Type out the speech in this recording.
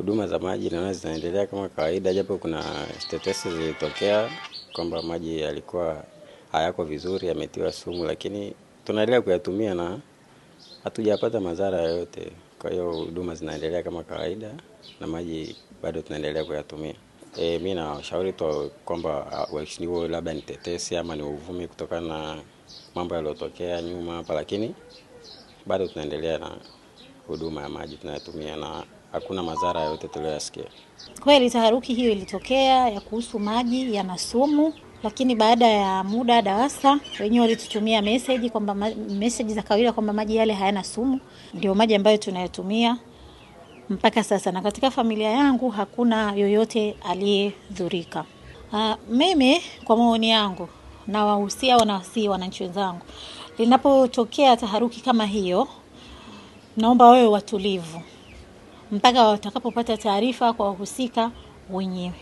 huduma za maji naona zinaendelea kama kawaida, japo kuna tetesi zilitokea kwamba maji yalikuwa hayako vizuri, yametiwa sumu, lakini tunaendelea kuyatumia na hatujapata madhara yoyote. Kwa hiyo huduma zinaendelea kama kawaida na maji bado tunaendelea kuyatumia. E, mi nawashauri tu kwamba waheshimiwa, labda ni tetesi ama ni uvumi kutokana na mambo yaliyotokea nyuma hapa, lakini bado tunaendelea na huduma ya maji tunayotumia na hakuna madhara yote tuliyoyasikia. Kweli taharuki hiyo ilitokea ya kuhusu maji yana sumu, lakini baada ya muda DAWASA wenyewe walitutumia meseji kwamba meseji za kawaida kwamba maji yale hayana sumu, ndio maji ambayo tunayotumia mpaka sasa, na katika familia yangu hakuna yoyote aliyedhurika. Uh, mimi kwa maoni yangu na wahusia wanawasii wananchi wenzangu, linapotokea taharuki kama hiyo naomba wewe watulivu mpaka watakapopata taarifa kwa wahusika wenyewe.